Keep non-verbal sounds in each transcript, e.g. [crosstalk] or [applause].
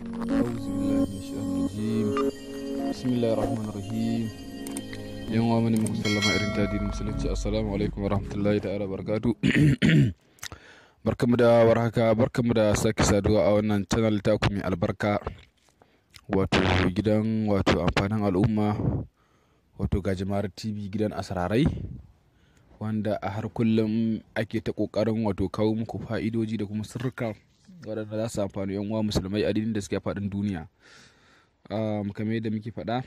أعوذ بالله من yan uwa mani muku sallama irin ta dini musulunci assalamu alaikum warahmatullahi ta'ala barkatu barkamu da warhaka barkamu da sake saduwa a wannan channel taku mai albarka wato gidan wato amfanin al'umma wato gajimar tv gidan asararai wanda a har kullum ake ta kokarin wato kawo muku fa'idoji da kuma sirrika waɗanda za su amfani yan uwa musulmai addinin da suke faɗin duniya kamar yadda muke faɗa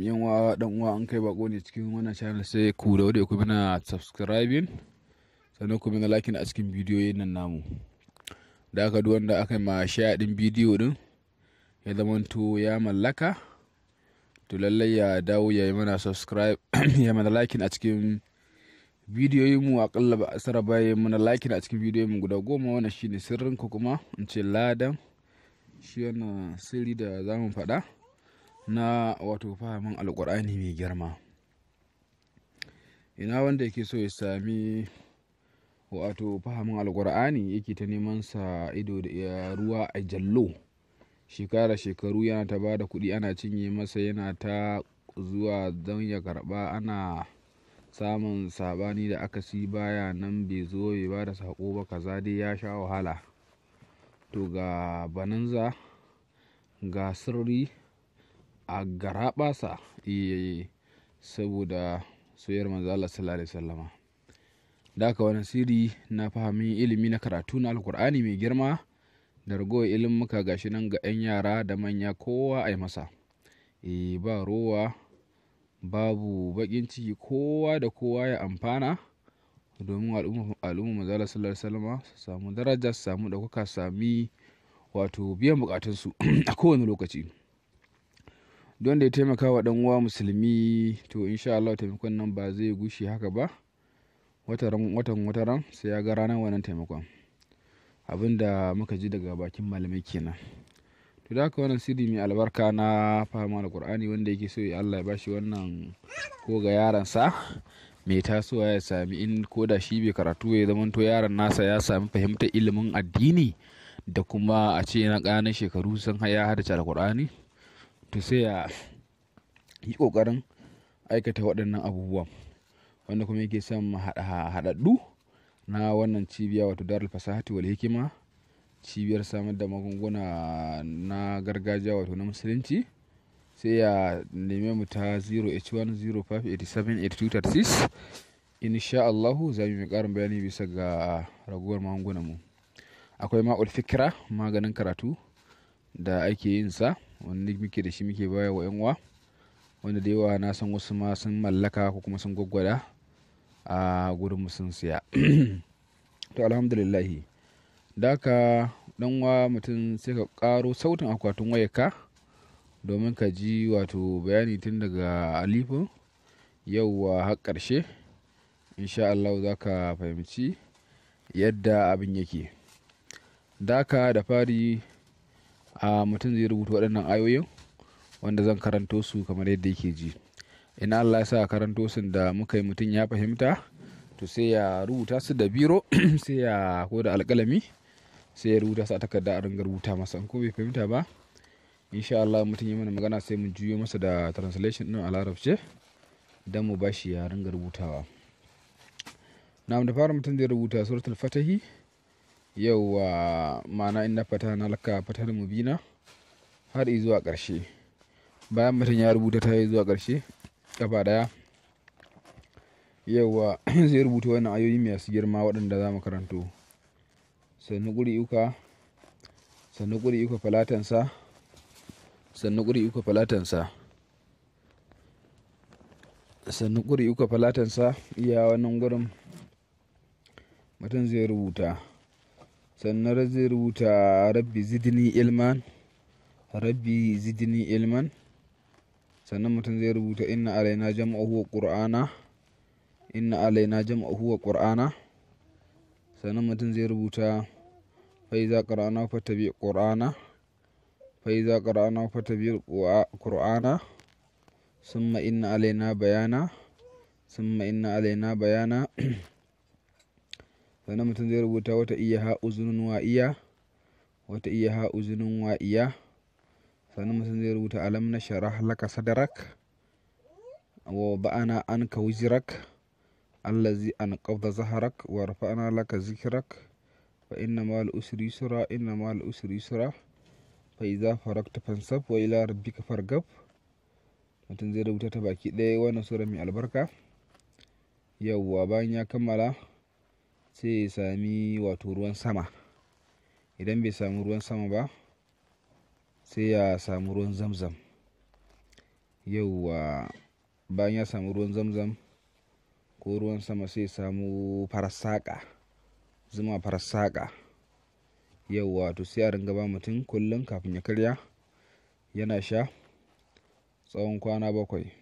yan uwa ɗan uwa an kai bako ne cikin wannan channel sai ku da wadda ku na subscribing sannan ku na lakin a cikin bidiyo nan namu da aka duk wanda aka ma share ɗin bidiyo ɗin ya zamanto ya mallaka to lallai ya dawo ya yi mana subscribe [clears throat] ya mana a cikin mu akalla ba tsara bayan eh, mana lakin a cikin mu guda goma wani shine sirrin ko kuma in ce ladan shi yana sirri da za mu faɗa na wato fahimin alkur'ani mai girma ina wanda yake so ya sami wato fahimin alkur'ani yake ta neman sa ido da ruwa a jallo shekara shekaru yana ta ba da kuɗi ana cinye masa yana ta zuwa don ya karɓa ana samun saɓani da aka si baya nan bai zo bai ba da sako ba kaza dai ya sha wahala to ga bananza ga sirri a garaɓasa eh, saboda soyar manzala sallallahu alaihi wasallama da aka wani sirri na fahimin ilimi na karatu na alkur'ani mai girma da ragowar ilimuka gashi nan ga 'yan yara da manya kowa a yi masa e ba rowa babu bakin ciki kowa da kowa ya amfana domin al'umma manzala sallar salama su samu daraja su samu ɗaukaka sami wato biyan bukatunsu [clears throat] a kowane lokaci don da ya taimaka wa ɗan uwa musulmi to insha Allah taimakon nan ba zai gushe haka ba watan wataran sai ya ga ranar wannan taimakon abinda muka ji daga bakin malamai kenan to da wannan sirri mai albarka na fahimta alkur'ani wanda yake so ya Allah ya bashi wannan ko ga sa mai tasowa ya sami in ko da shi bai karatu ya zama to yaron nasa ya sami fahimtar ilimin addini da kuma a ce na ƙananan shekaru sun ya haddace qur'ani to sai ya yi kokarin aikata waɗannan abubuwan wanda kuma yake son haɗaɗɗu na wannan cibiya wato darul fasahati wal hikima cibiyar samar da magunguna na gargajiya wato na musulunci sai ya neme mu ta 0h105878236 insha Allahu za mu yi karin bayani bisa ga raguwar magungunan mu akwai ma'ul fikira maganin karatu da ake yin sa wanda muke da shi muke baya wa yan uwa wanda da yawa na san wasu ma sun mallaka ko kuma sun gwaggwada a gurin sun siya [clears throat] to alhamdulillahi daka dan wa mutum sai ka karo sautin akwatin wayarka domin ka ji wato bayani tun daga alifin yauwa har ƙarshe insha Allah za ka fahimci yadda abin yake daka da fari a mutum zai rubuta waɗannan ayoyin wanda zan karanto su kamar yadda yake ji ina Allah ya sa karanto sun da muka yi mutum ya fahimta to sai ya rubuta su da biro [clears throat] sai ya ko da alƙalami sai ya rubuta sa takarda a ringar rubuta masa an ko bai fahimta ba insha Allah mutum ya mana magana sai mu juyo masa da translation din a larabce dan mu bashi ya ringa rubutawa na da fara mutum zai rubuta suratul fatahi yau ma'ana inna fata na laka fatar mubina har zuwa ƙarshe bayan mutum ya rubuta ta yi zuwa ƙarshe kafa daya yauwa [clears throat] zai rubuta wannan ayoyi masu girma waɗanda za mu karanto sannu guri uka sannu guri yuka falatansa sannu guri uka falatansa sannu guri uka falatansa iya wannan gurin mutum zai rubuta sannan zai rubuta rabbi zidni ilman rabbi zidni ilman sannan mutum zai rubuta inna alaina jam'ahu wa qur'ana inna alaina jam'ahu wa qur'ana sannan mutum zai rubuta فإذا قرأنا فتبع قرآنا فإذا قرأنا فتبع قرآنا ثم إن علينا بيانا ثم إن علينا بيانا sannan mutum zai rubuta wata iya ha uzunin wa iya wata iya ha uzunin wa iya sannan mutum zai rubuta alam na shara laka sadarak wa ba'ana an ka allazi an zaharak wa rafa'ana laka zikirak fa inna ma al'usri yusra inna ma al'usri yusra fa iza farakta fansab wa ila rabbika fargab mutum zai rubuta ta baki ɗaya wannan sura mai albarka yawwa bayan ya kammala sai ya sami wato ruwan sama idan bai samu ruwan sama ba sai ya samu ruwan zamzam yauwa bayan ya samu ruwan zamzam ko ruwan sama sai ya samu farasaka zuma fara saƙa yau wato sai a ringa ba mutum kullum kafin ya karya yana sha tsawon kwana bakwai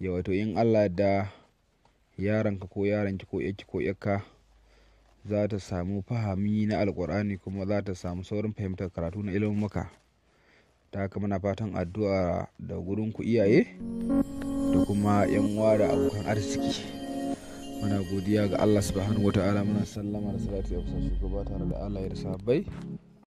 Yau, wato in allah da yaranka ko yaranki ko yaki ko yaka za ta samu fahami na alkur'ani kuma za ta samu saurin fahimtar karatu na ilimin maka ta haka muna fatan addu'a da gurin ku iyaye da kuma yan uwa da abokan arziki muna godiya ga Allah subhanahu wata'ala muna sallama da salati a kusa shugaba tare da Allah ya da bai.